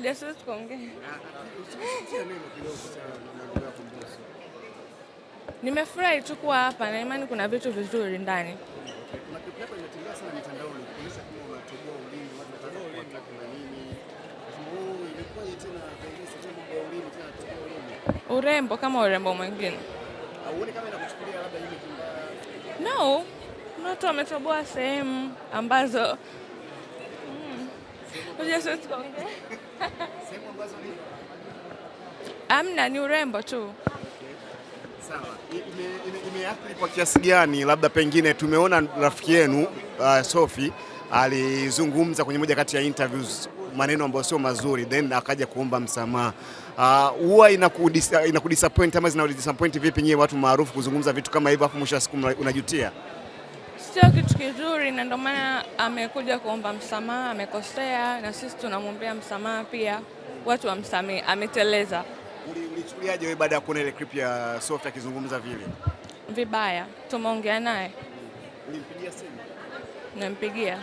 Ngoja sisi tukaongea. Nimefurahi tu kuwa hapa na imani kuna vitu vizuri ndani. Urembo kama urembo mwingine. No, watu ametoboa sehemu ambazo Amna, ni urembo tu. Sawa. Imeathiri kwa kiasi gani? Labda pengine tumeona rafiki yenu uh, Sophie alizungumza kwenye moja kati ya interviews maneno ambayo sio mazuri then akaja kuomba msamaha. Uh, huwa uh, inakudisappoint ama zinadisappoint vipi nyie watu maarufu kuzungumza vitu kama hivyo afu mwisho wa siku unajutia? sio kitu kizuri, na ndio maana amekuja kuomba msamaha. Amekosea na sisi tunamwombea msamaha pia, watu wamsamehe, ameteleza. Ulichukuliaje wewe baada ya kuona ile clip ya Sofia akizungumza vile vibaya? Tumeongea naye, ulimpigia simu? Nampigia,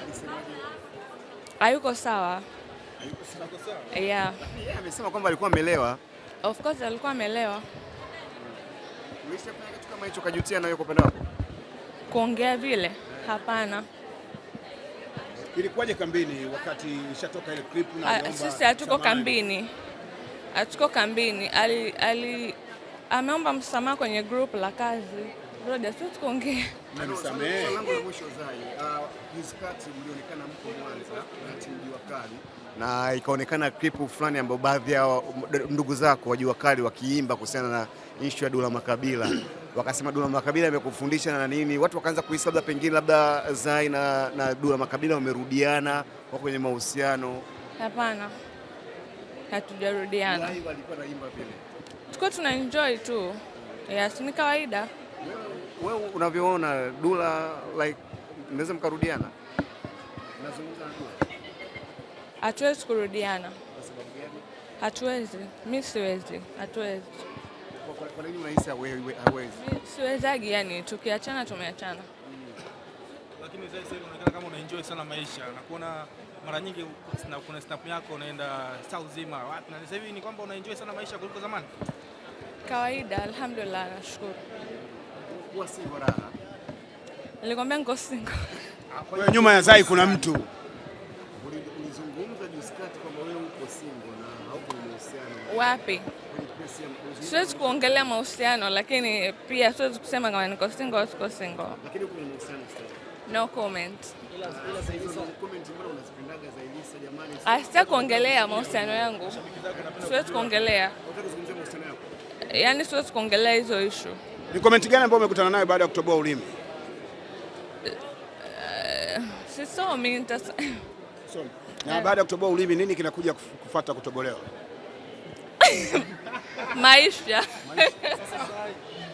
hayuko sawa. Yeah. Yeah, amesema kwamba alikuwa amelewa. Of course alikuwa amelewa. Umeshafanya kitu kama hicho, kajutia nayo kwa upande wako? kuongea vile, hapana. Ilikuwaje kambini wakati ishatoka ile clip na ah, aliomba? Sisi hatuko kambini, hatuko kambini. Ali, ali ameomba msamaha kwenye group la kazi brother, sio tukaongea. Nimesamehe. Langu la mwisho Zai, uh, hizi kati mlionekana mko Mwanza na timu Jua Kali na ikaonekana klipu fulani ambayo baadhi ya ndugu zako wa Jua Kali wakiimba kuhusiana na issue ya Dula Makabila wakasema Dula Makabila amekufundisha na nini, watu wakaanza kuhisi labda pengine labda Zai na, na Dula Makabila wamerudiana kwa kwenye mahusiano. Hapana, hatujarudiana, Tuko tuna enjoy tu, yes, ni kawaida wewe unavyoona Dula like mnaweza mkarudiana? Nazungumza na Dula. Hatuwezi kurudiana. Kwa sababu gani? Hatuwezi. Mimi siwezi. Hatuwezi. Kwa nini unahisi hawezi? Siwezagi, yani tukiachana tumeachana. Mm. Lakini sasa hivi unaonekana kama enjoy sana maisha. Nakuona mara nyingi kuna snap yako unaenda South uzima wapi, na sasa hivi ni kwamba enjoy sana maisha kuliko zamani? Kawaida, alhamdulillah, nashukuru huwa si Nilikwambia niko single. Ah, nyuma ya Zai kuna mtu. Ulizungumza juzi kati kwamba wewe uko single na hauko na mahusiano. Wapi? Siwezi kuongelea mahusiano lakini pia siwezi kusema kama niko single au siko single. Lakini uko na mahusiano No comment. Asita ah, kuongelea mahusiano yangu, siwezi kuongelea, yaani siwezi kuongelea hizo ishu. Ni komenti gani ambayo umekutana nayo baada ya kutoboa ulimi? sisomi sisomi. Na baada ya kutoboa ulimi nini kinakuja kufuata kutobolewa? Maisha. Maisha.